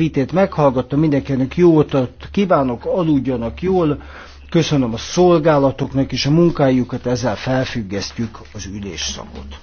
vitét meghallgattam, mindenkinek jó utat kívánok, aludjanak jól, köszönöm a szolgálatoknak és a munkájukat, ezzel felfüggesztjük az ülésszakot.